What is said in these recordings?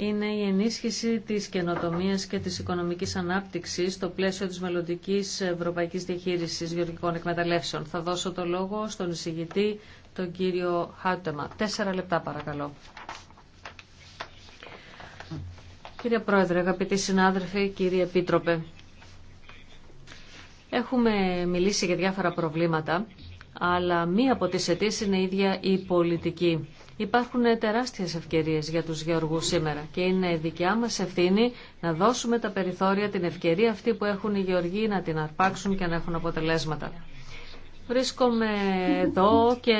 είναι η ενίσχυση της καινοτομίας και της οικονομικής ανάπτυξης στο πλαίσιο της μελλοντική ευρωπαϊκής διαχείρισης γεωργικών εκμεταλλεύσεων. Θα δώσω το λόγο στον εισηγητή, τον κύριο Χάουτεμα. Τέσσερα λεπτά παρακαλώ. Κύριε Πρόεδρε, αγαπητοί συνάδελφοι, κύριε Επίτροπε, έχουμε μιλήσει για διάφορα προβλήματα, αλλά μία από τις αιτήσει είναι η ίδια η πολιτική. Υπάρχουν τεράστιες ευκαιρίες για τους γεωργούς σήμερα και είναι δικιά μας ευθύνη να δώσουμε τα περιθώρια, την ευκαιρία αυτή που έχουν οι γεωργοί να την αρπάξουν και να έχουν αποτελέσματα. Βρίσκομαι εδώ και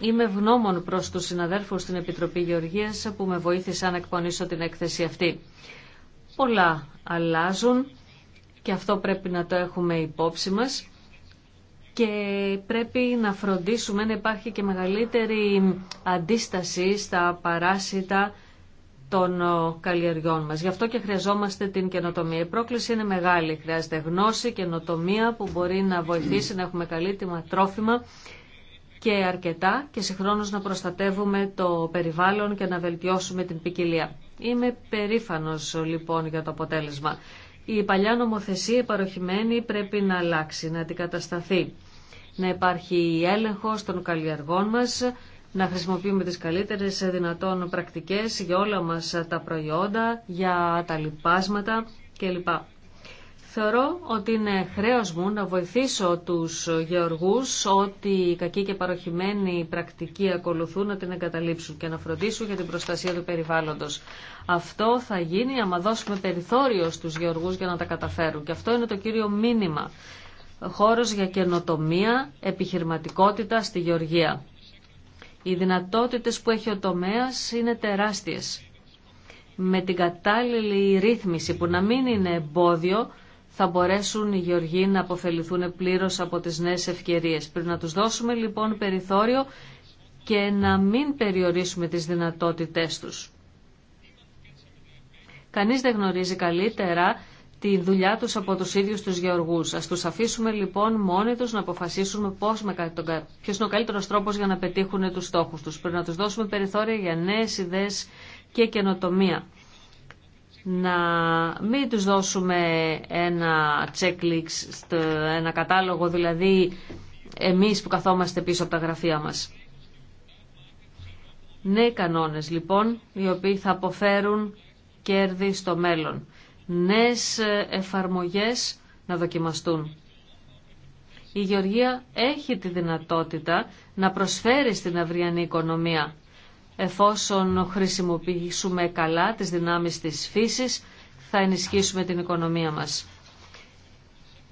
είμαι ευγνώμων προς τους συναδέλφους στην Επιτροπή Γεωργίας που με βοήθησαν να εκπονήσω την έκθεση αυτή. Πολλά αλλάζουν και αυτό πρέπει να το έχουμε υπόψη μας και πρέπει να φροντίσουμε να υπάρχει και μεγαλύτερη αντίσταση στα παράσιτα των καλλιεργιών μας. Γι' αυτό και χρειαζόμαστε την καινοτομία. Η πρόκληση είναι μεγάλη. Χρειάζεται γνώση, καινοτομία που μπορεί να βοηθήσει να έχουμε καλύτερα τρόφιμα και αρκετά και συγχρόνως να προστατεύουμε το περιβάλλον και να βελτιώσουμε την ποικιλία. Είμαι περήφανος λοιπόν για το αποτέλεσμα. Η παλιά νομοθεσία παροχημένη πρέπει να αλλάξει, να αντικατασταθεί να υπάρχει έλεγχο των καλλιεργών μας, να χρησιμοποιούμε τις καλύτερες δυνατόν πρακτικές για όλα μας τα προϊόντα, για τα λοιπάσματα κλπ. Θεωρώ ότι είναι χρέος μου να βοηθήσω τους γεωργούς ότι οι κακοί και παροχημένοι πρακτική ακολουθούν να την εγκαταλείψουν και να φροντίσουν για την προστασία του περιβάλλοντος. Αυτό θα γίνει άμα δώσουμε περιθώριο στους γεωργούς για να τα καταφέρουν και αυτό είναι το κύριο μήνυμα χώρος για καινοτομία, επιχειρηματικότητα στη Γεωργία. Οι δυνατότητες που έχει ο τομέας είναι τεράστιες. Με την κατάλληλη ρύθμιση που να μην είναι εμπόδιο, θα μπορέσουν οι Γεωργοί να αποφεληθούν πλήρως από τις νέες ευκαιρίες. Πρέπει να τους δώσουμε λοιπόν περιθώριο και να μην περιορίσουμε τις δυνατότητές τους. Κανείς δεν γνωρίζει καλύτερα τη δουλειά τους από τους ίδιους τους γεωργούς. Ας τους αφήσουμε λοιπόν μόνοι τους να αποφασίσουμε πώς, με, ποιος είναι ο καλύτερος τρόπος για να πετύχουν τους στόχους τους. Πρέπει να τους δώσουμε περιθώρια για νέες ιδέες και καινοτομία. Να μην τους δώσουμε ένα checklist, ένα κατάλογο δηλαδή εμείς που καθόμαστε πίσω από τα γραφεία μας. Νέοι κανόνες λοιπόν, οι οποίοι θα αποφέρουν κέρδη στο μέλλον νέες ε, εφαρμογές να δοκιμαστούν. Η Γεωργία έχει τη δυνατότητα να προσφέρει στην αυριανή οικονομία εφόσον χρησιμοποιήσουμε καλά τις δυνάμεις της φύσης θα ενισχύσουμε την οικονομία μας.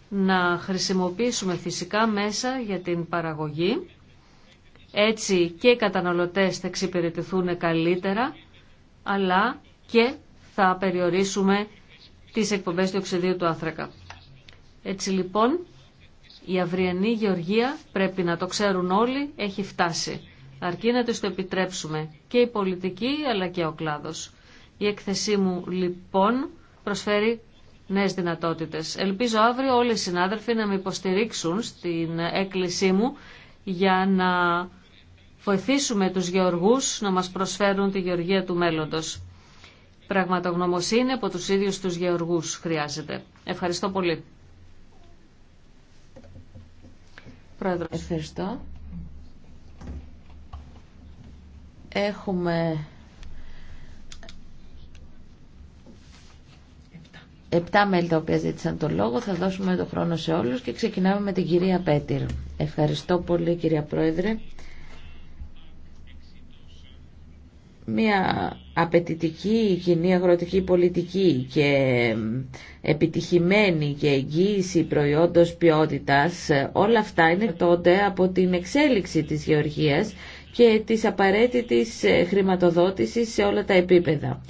Να χρησιμοποιήσουμε φυσικά μέσα για την παραγωγή έτσι και οι καταναλωτές θα εξυπηρετηθούν καλύτερα αλλά και θα περιορίσουμε τις εκπομπές του οξυδίου του άνθρακα. Έτσι λοιπόν, η αυριανή γεωργία πρέπει να το ξέρουν όλοι, έχει φτάσει. Αρκεί να τους το επιτρέψουμε και η πολιτική αλλά και ο κλάδος. Η έκθεσή μου λοιπόν προσφέρει νέες δυνατότητες. Ελπίζω αύριο όλοι οι συνάδελφοι να με υποστηρίξουν στην έκκλησή μου για να βοηθήσουμε τους γεωργούς να μας προσφέρουν τη γεωργία του μέλλοντος. Πραγματογνωμοσύνη από τους ίδιους τους γεωργούς χρειάζεται. Ευχαριστώ πολύ. Πρόεδρος. Ευχαριστώ. Έχουμε... Επτά μέλη τα οποία ζήτησαν τον λόγο. Θα δώσουμε το χρόνο σε όλους και ξεκινάμε με την κυρία Πέτυρ. Ευχαριστώ πολύ κυρία Πρόεδρε. Μία απαιτητική κοινή αγροτική πολιτική και επιτυχημένη και εγγύηση προϊόντος ποιότητας, ε, όλα αυτά είναι τότε από την εξέλιξη της γεωργίας και της απαραίτητης ε, χρηματοδότησης σε όλα τα επίπεδα.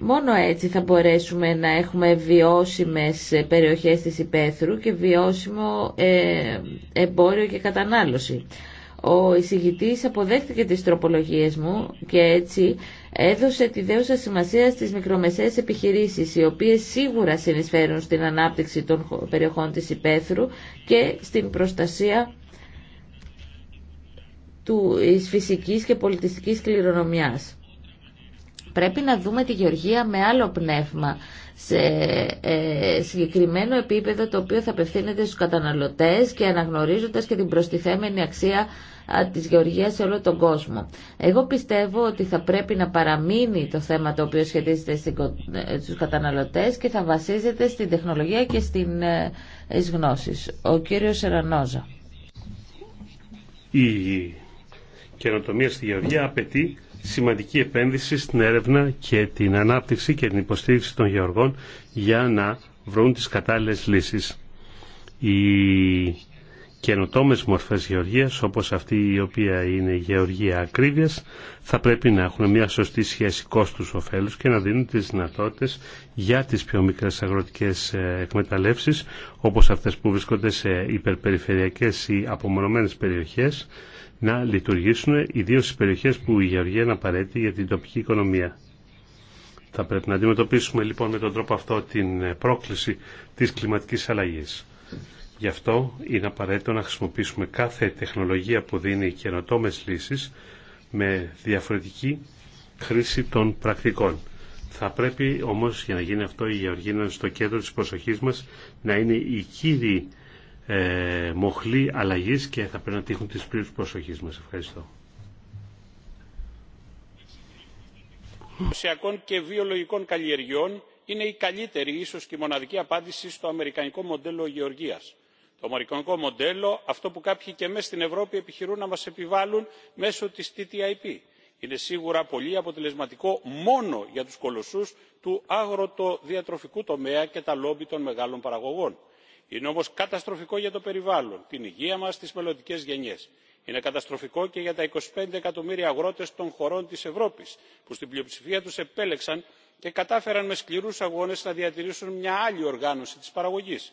Μόνο έτσι θα μπορέσουμε να έχουμε βιώσιμες ε, περιοχές της υπαίθρου και βιώσιμο εμπόριο και κατανάλωση. Ο εισηγητής αποδέχτηκε τις τροπολογίες μου και έτσι έδωσε τη δέουσα σημασία στις μικρομεσαίες επιχειρήσεις, οι οποίες σίγουρα συνεισφέρουν στην ανάπτυξη των περιοχών της υπαίθρου και στην προστασία του, της φυσικής και πολιτιστικής κληρονομιάς. Πρέπει να δούμε τη γεωργία με άλλο πνεύμα, σε ε, συγκεκριμένο επίπεδο το οποίο θα απευθύνεται στους καταναλωτές και αναγνωρίζοντας και την προστιθέμενη αξία της γεωργίας σε όλο τον κόσμο. Εγώ πιστεύω ότι θα πρέπει να παραμείνει το θέμα το οποίο σχετίζεται ε, στους καταναλωτές και θα βασίζεται στην τεχνολογία και στις ε, γνώσεις. Ο κύριος Σερανόζα. Η καινοτομία στη γεωργία απαιτεί σημαντική επένδυση στην έρευνα και την ανάπτυξη και την υποστήριξη των γεωργών για να βρουν τις κατάλληλες λύσεις καινοτόμες μορφές γεωργίας όπως αυτή η οποία είναι η γεωργία ακρίβειας θα πρέπει να έχουν μια σωστή σχέση κόστους ωφέλους και να δίνουν τις δυνατότητες για τις πιο μικρές αγροτικές ε, εκμεταλλεύσεις όπως αυτές που βρίσκονται σε υπερπεριφερειακές ή απομονωμένες περιοχές να λειτουργήσουν ιδίω στις περιοχές που η γεωργία είναι απαραίτητη για την τοπική οικονομία. Θα πρέπει να αντιμετωπίσουμε λοιπόν με τον τρόπο αυτό την ε, πρόκληση της κλιματικής αλλαγής. Γι' αυτό είναι απαραίτητο να χρησιμοποιήσουμε κάθε τεχνολογία που δίνει καινοτόμε λύσεις με διαφορετική χρήση των πρακτικών. Θα πρέπει όμως για να γίνει αυτό η γεωργία να είναι στο κέντρο της προσοχής μας να είναι η κύριη ε, αλλαγής και θα πρέπει να τύχουν τις πλήρους προσοχής μας. Ευχαριστώ. Ουσιακών και βιολογικών καλλιεργειών είναι η καλύτερη, ίσως και η μοναδική απάντηση στο αμερικανικό μοντέλο γεωργίας το μαρικανικό μοντέλο αυτό που κάποιοι και μέσα στην ευρώπη επιχειρούν να μας επιβάλλουν μέσω της ttip. είναι σίγουρα πολύ αποτελεσματικό μόνο για τους κολοσσούς του αγροτοδιατροφικού τομέα και τα λόμπι των μεγάλων παραγωγών. είναι όμως καταστροφικό για το περιβάλλον την υγεία μας τις μελλοντικές γενιές. είναι καταστροφικό και για τα είκοσι εκατομμύρια αγρότες των χωρών της ευρώπης που στην πλειοψηφία τους επέλεξαν και κατάφεραν με σκληρούς αγώνες να διατηρήσουν μια άλλη οργάνωση της παραγωγής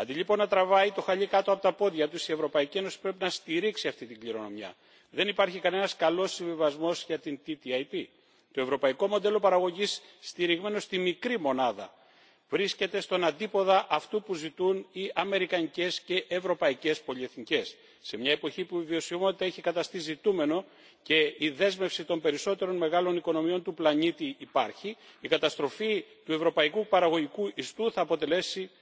αντί λοιπόν να τραβάει το χαλί κάτω από τα πόδια του η ευρωπαϊκή ένωση πρέπει να στηρίξει αυτή την κληρονομιά. δεν υπάρχει κανένα καλό συμβιβασμό για την ttip. το ευρωπαϊκό μοντέλο παραγωγή στηριγμένο στη μικρή μονάδα βρίσκεται στον αντίποδα αυτού που ζητούν οι αμερικανικέ και ευρωπαϊκέ πολυεθνικέ. σε μια εποχή που η βιωσιμότητα έχει καταστεί ζητούμενο και η δέσμευση των περισσότερων μεγάλων οικονομιών του πλανήτη υπάρχει η καταστροφή του ευρωπαϊκού παραγωγικού ιστού θα αποτελέσει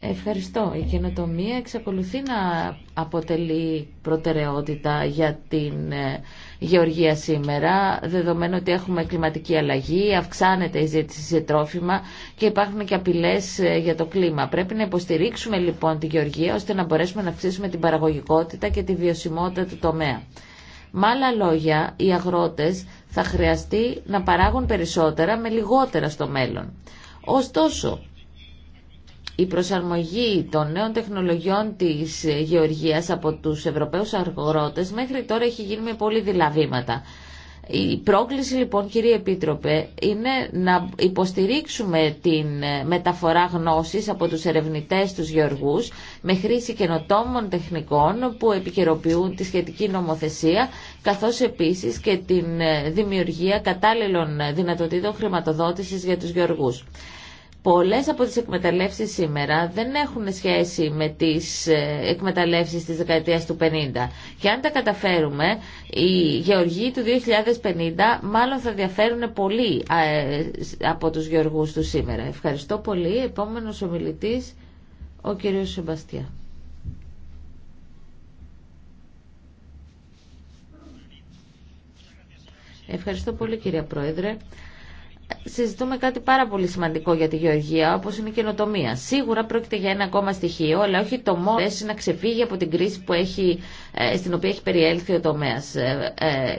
Ευχαριστώ. Η καινοτομία εξακολουθεί να αποτελεί προτεραιότητα για την ε, γεωργία σήμερα, δεδομένου ότι έχουμε κλιματική αλλαγή, αυξάνεται η ζήτηση σε τρόφιμα και υπάρχουν και απειλέ ε, για το κλίμα. Πρέπει να υποστηρίξουμε λοιπόν τη γεωργία ώστε να μπορέσουμε να αυξήσουμε την παραγωγικότητα και τη βιωσιμότητα του τομέα. Με άλλα λόγια, οι αγρότες θα χρειαστεί να παράγουν περισσότερα με λιγότερα στο μέλλον. Ωστόσο, η προσαρμογή των νέων τεχνολογιών της γεωργίας από τους Ευρωπαίους αγρότες μέχρι τώρα έχει γίνει με πολύ διλαβήματα. Η πρόκληση λοιπόν κύριε Επίτροπε είναι να υποστηρίξουμε την ε, μεταφορά γνώσης από τους ερευνητές τους γεωργούς με χρήση καινοτόμων τεχνικών που επικαιροποιούν τη σχετική νομοθεσία καθώς επίσης και την ε, δημιουργία κατάλληλων δυνατοτήτων χρηματοδότησης για τους γεωργούς. Πολλές από τις εκμεταλλεύσεις σήμερα δεν έχουν σχέση με τις ε, εκμεταλλεύσεις της δεκαετίας του 50. Και αν τα καταφέρουμε, οι γεωργοί του 2050 μάλλον θα διαφέρουν πολύ ε, από τους γεωργούς του σήμερα. Ευχαριστώ πολύ. Επόμενος ομιλητής, ο κύριος Σεμπαστιά. Ευχαριστώ πολύ κύριε Πρόεδρε συζητούμε κάτι πάρα πολύ σημαντικό για τη γεωργία, όπω είναι η καινοτομία. Σίγουρα πρόκειται για ένα ακόμα στοιχείο, αλλά όχι το μόνο Πρέπει να ξεφύγει από την κρίση που έχει, ε, στην οποία έχει περιέλθει ο τομέα.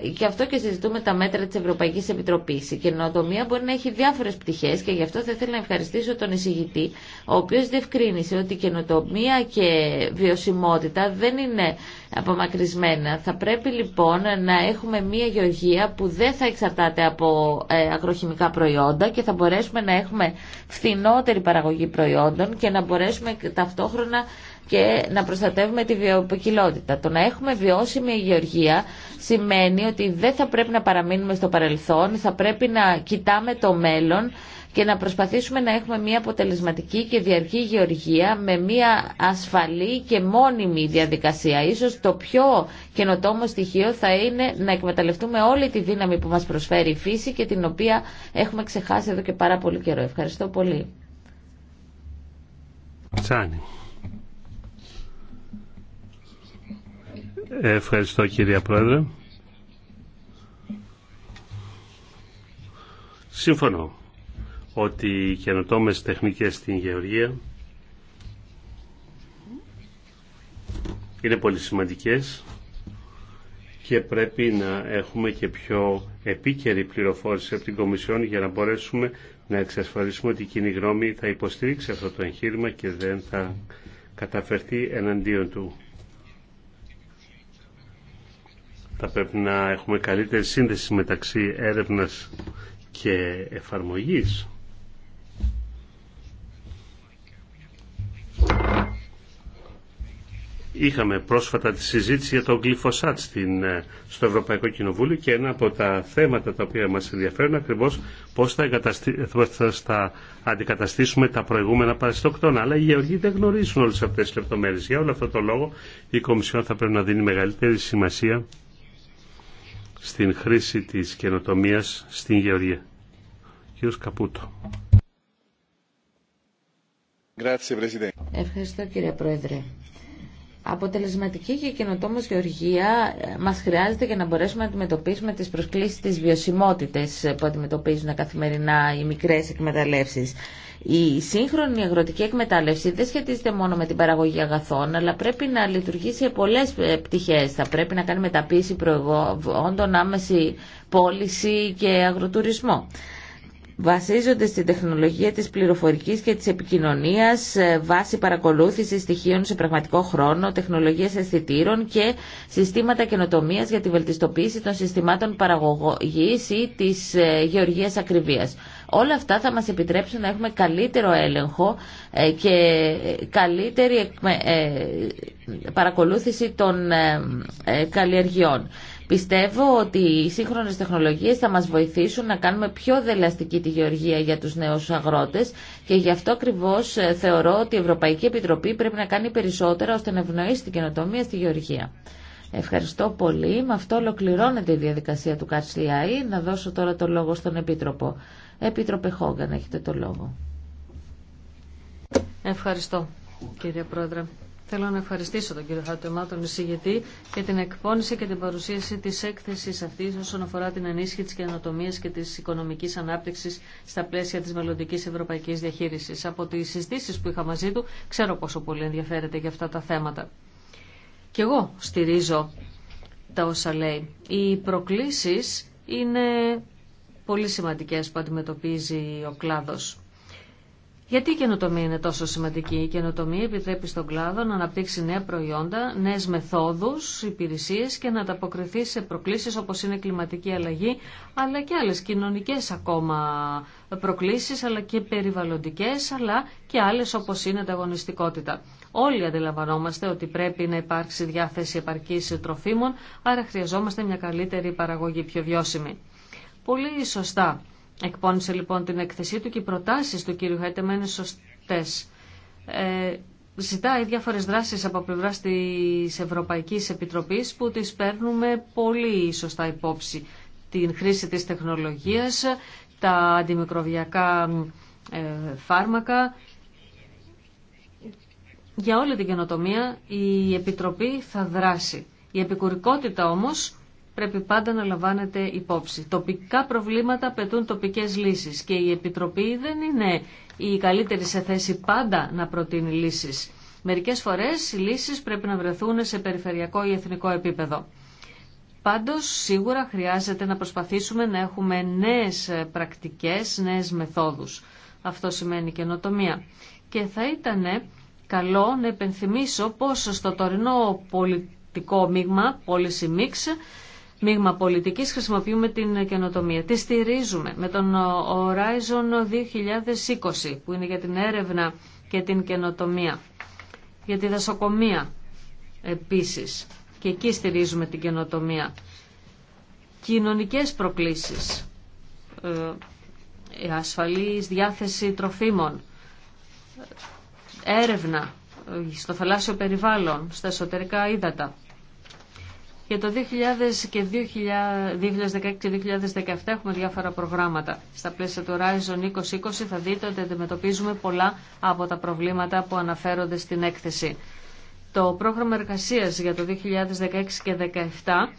Και ε, ε, αυτό και συζητούμε τα μέτρα τη Ευρωπαϊκή Επιτροπή. Η καινοτομία μπορεί να έχει διάφορε πτυχέ και γι' αυτό θα ήθελα να ευχαριστήσω τον εισηγητή, ο οποίο διευκρίνησε ότι η καινοτομία και βιωσιμότητα δεν είναι απομακρυσμένα. Θα πρέπει λοιπόν να έχουμε μια γεωργία που δεν θα εξαρτάται από αγροχημικά προϊόντα και θα μπορέσουμε να έχουμε φθηνότερη παραγωγή προϊόντων και να μπορέσουμε ταυτόχρονα και να προστατεύουμε τη βιοποικιλότητα. Το να έχουμε βιώσιμη γεωργία σημαίνει ότι δεν θα πρέπει να παραμείνουμε στο παρελθόν, θα πρέπει να κοιτάμε το μέλλον και να προσπαθήσουμε να έχουμε μια αποτελεσματική και διαρκή γεωργία με μια ασφαλή και μόνιμη διαδικασία. Ίσως το πιο καινοτόμο στοιχείο θα είναι να εκμεταλλευτούμε όλη τη δύναμη που μας προσφέρει η φύση και την οποία έχουμε ξεχάσει εδώ και πάρα πολύ καιρό. Ευχαριστώ πολύ. Ευχαριστώ κυρία Πρόεδρε. Σύμφωνο ότι οι καινοτόμε τεχνικές στην γεωργία είναι πολύ σημαντικές και πρέπει να έχουμε και πιο επίκαιρη πληροφόρηση από την Κομισιόν για να μπορέσουμε να εξασφαλίσουμε ότι η κοινή γνώμη θα υποστηρίξει αυτό το εγχείρημα και δεν θα καταφερθεί εναντίον του. Θα πρέπει να έχουμε καλύτερη σύνδεση μεταξύ έρευνας και εφαρμογής Είχαμε πρόσφατα τη συζήτηση για τον γλυφοσάτ στην, ε, στο Ευρωπαϊκό Κοινοβούλιο και ένα από τα θέματα τα οποία μας ενδιαφέρουν ακριβώς πώς θα, θα αντικαταστήσουμε τα προηγούμενα παραστοκτόνα. Αλλά οι γεωργοί δεν γνωρίζουν όλες αυτές τις λεπτομέρειες. Για όλο αυτό το λόγο η Κομισιόν θα πρέπει να δίνει μεγαλύτερη σημασία στην χρήση της καινοτομίας στην γεωργία. Κύριος Καπούτο. Ευχαριστώ κύριε Πρόεδρε αποτελεσματική και καινοτόμως γεωργία ε, μας χρειάζεται για να μπορέσουμε να αντιμετωπίσουμε τις προσκλήσεις της βιωσιμότητες που αντιμετωπίζουν καθημερινά οι μικρές εκμεταλλεύσεις. Η σύγχρονη αγροτική εκμετάλλευση δεν σχετίζεται μόνο με την παραγωγή αγαθών, αλλά πρέπει να λειτουργήσει σε πολλέ ε, πτυχέ. Θα πρέπει να κάνει μεταποίηση προϊόντων, άμεση πώληση και αγροτουρισμό βασίζονται στην τεχνολογία της πληροφορικής και της επικοινωνίας ε, βάση παρακολούθησης στοιχείων σε πραγματικό χρόνο, τεχνολογίες αισθητήρων και συστήματα καινοτομία για τη βελτιστοποίηση των συστημάτων παραγωγής ή της ε, γεωργίας ακριβίας. Όλα αυτά θα μας επιτρέψουν να έχουμε καλύτερο έλεγχο ε, και καλύτερη παρακολούθηση των καλλιεργειών. Πιστεύω ότι οι σύγχρονες τεχνολογίες θα μας βοηθήσουν να κάνουμε πιο δελαστική τη γεωργία για τους νέους αγρότες και γι' αυτό ακριβώ ε, θεωρώ ότι η Ευρωπαϊκή Επιτροπή πρέπει να κάνει περισσότερα ώστε να ευνοήσει την καινοτομία στη γεωργία. Ευχαριστώ πολύ. Με αυτό ολοκληρώνεται η διαδικασία του ΚΑΤΣΙΑΗ. Να δώσω τώρα το λόγο στον Επίτροπο. Επίτροπε Χόγκαν, έχετε το λόγο. Ευχαριστώ, κύριε Πρόεδρε. Θέλω να ευχαριστήσω τον κύριο Χατωμά, τον εισηγητή, για την εκπόνηση και την παρουσίαση τη έκθεση αυτή όσον αφορά την ενίσχυση τη καινοτομία και τη οικονομική ανάπτυξη στα πλαίσια τη μελλοντική ευρωπαϊκή διαχείριση. Από τι συζητήσει που είχα μαζί του, ξέρω πόσο πολύ ενδιαφέρεται για αυτά τα θέματα. Και εγώ στηρίζω τα όσα λέει. Οι προκλήσει είναι πολύ σημαντικέ που αντιμετωπίζει ο κλάδο. Γιατί η καινοτομία είναι τόσο σημαντική. Η καινοτομία επιτρέπει στον κλάδο να αναπτύξει νέα προϊόντα, νέες μεθόδους, υπηρεσίες και να ανταποκριθεί σε προκλήσεις όπως είναι κλιματική αλλαγή, αλλά και άλλες κοινωνικές ακόμα προκλήσεις, αλλά και περιβαλλοντικές, αλλά και άλλες όπως είναι ανταγωνιστικότητα. Όλοι αντιλαμβανόμαστε ότι πρέπει να υπάρξει διάθεση επαρκής τροφίμων, άρα χρειαζόμαστε μια καλύτερη παραγωγή, πιο βιώσιμη. Πολύ σωστά Εκπώνησε λοιπόν την έκθεσή του και οι προτάσεις του κύριου Χέτεμα είναι σωστές. Ε, ζητάει διάφορες δράσεις από πλευρά της Ευρωπαϊκής Επιτροπής που τις παίρνουμε πολύ σωστά υπόψη. Την χρήση της τεχνολογίας, τα αντιμικροβιακά ε, φάρμακα. Για όλη την καινοτομία η Επιτροπή θα δράσει. Η επικουρικότητα όμως πρέπει πάντα να λαμβάνεται υπόψη. Τοπικά προβλήματα απαιτούν τοπικές λύσεις και η Επιτροπή δεν είναι η καλύτερη σε θέση πάντα να προτείνει λύσεις. Μερικές φορές οι λύσεις πρέπει να βρεθούν σε περιφερειακό ή εθνικό επίπεδο. Πάντως σίγουρα χρειάζεται να προσπαθήσουμε να έχουμε νέες πρακτικές, νέες μεθόδους. Αυτό σημαίνει καινοτομία. Και θα ήταν καλό να επενθυμίσω πόσο στο τωρινό πολιτικό μείγμα, policy mix, Μίγμα πολιτικής χρησιμοποιούμε την καινοτομία. Τη στηρίζουμε με τον Horizon 2020 που είναι για την έρευνα και την καινοτομία. Για τη δασοκομεία επίσης και εκεί στηρίζουμε την καινοτομία. Κοινωνικές προκλήσεις, ε, ε ασφαλής διάθεση τροφίμων, έρευνα ε, στο θαλάσσιο περιβάλλον, στα εσωτερικά ύδατα. Για το 2016 και 2017 έχουμε διάφορα προγράμματα. Στα πλαίσια του Horizon 2020 θα δείτε ότι αντιμετωπίζουμε πολλά από τα προβλήματα που αναφέρονται στην έκθεση. Το πρόγραμμα εργασίας για το 2016 και 2017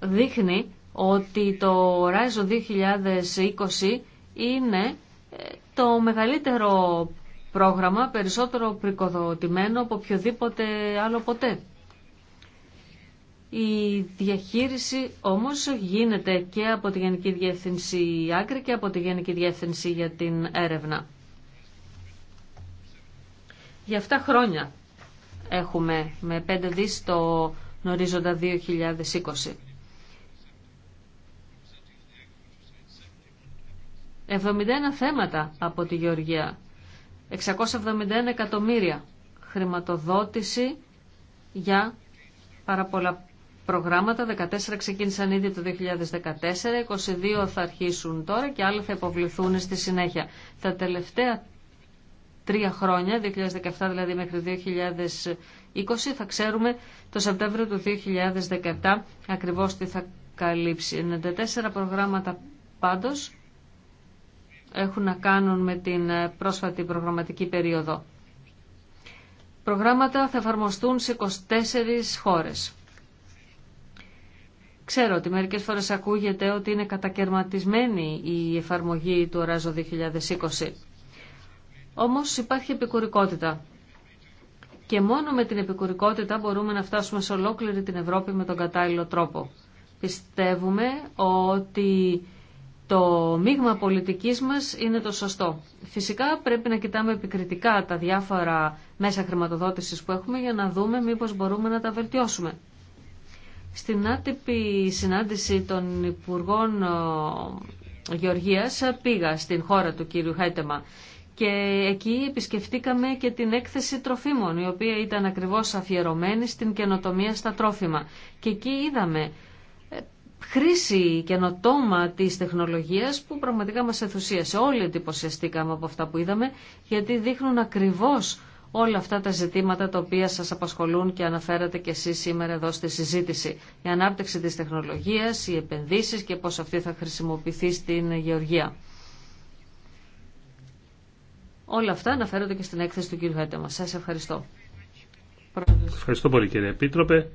δείχνει ότι το Horizon 2020 είναι ε, το μεγαλύτερο πρόγραμμα, περισσότερο πρικοδοτημένο από οποιοδήποτε άλλο ποτέ. Η διαχείριση όμως γίνεται και από τη Γενική Διεύθυνση Άκρη και από τη Γενική Διεύθυνση για την έρευνα. Για αυτά χρόνια έχουμε με πέντε δις το νορίζοντα 2020. 71 θέματα από τη Γεωργία. 671 εκατομμύρια χρηματοδότηση για πάρα πολλά προγράμματα, 14 ξεκίνησαν ήδη το 2014, 22 θα αρχίσουν τώρα και άλλα θα υποβληθούν στη συνέχεια. Τα τελευταία τρία χρόνια, 2017 δηλαδή μέχρι 2020, θα ξέρουμε το Σεπτέμβριο του 2017 ακριβώς τι θα καλύψει. 94 προγράμματα πάντως έχουν να κάνουν με την πρόσφατη προγραμματική περίοδο. Προγράμματα θα εφαρμοστούν σε 24 χώρες. Ξέρω ότι μερικές φορές ακούγεται ότι είναι κατακαιρματισμένη η εφαρμογή του οράζο 2020. Όμως υπάρχει επικουρικότητα. Και μόνο με την επικουρικότητα μπορούμε να φτάσουμε σε ολόκληρη την Ευρώπη με τον κατάλληλο τρόπο. Πιστεύουμε ότι το μείγμα πολιτικής μας είναι το σωστό. Φυσικά πρέπει να κοιτάμε επικριτικά τα διάφορα μέσα χρηματοδότησης που έχουμε για να δούμε μήπως μπορούμε να τα βελτιώσουμε. Στην άτυπη συνάντηση των Υπουργών ε, Γεωργίας ε, πήγα στην χώρα του κύριου Χάιτεμα και εκεί επισκεφτήκαμε και την έκθεση τροφίμων η οποία ήταν ακριβώς αφιερωμένη στην καινοτομία στα τρόφιμα και εκεί είδαμε ε, χρήση καινοτόμα της τεχνολογίας που πραγματικά μας ενθουσίασε. Όλοι εντυπωσιαστήκαμε από αυτά που είδαμε γιατί δείχνουν ακριβώς όλα αυτά τα ζητήματα τα οποία σας απασχολούν και αναφέρατε και εσείς σήμερα εδώ στη συζήτηση. Η ανάπτυξη της τεχνολογίας, οι επενδύσεις και πώς αυτή θα χρησιμοποιηθεί στην γεωργία. Όλα αυτά αναφέρονται και στην έκθεση του κ. Χάτεμα. Σας ευχαριστώ. Ευχαριστώ πολύ κύριε Επίτροπε.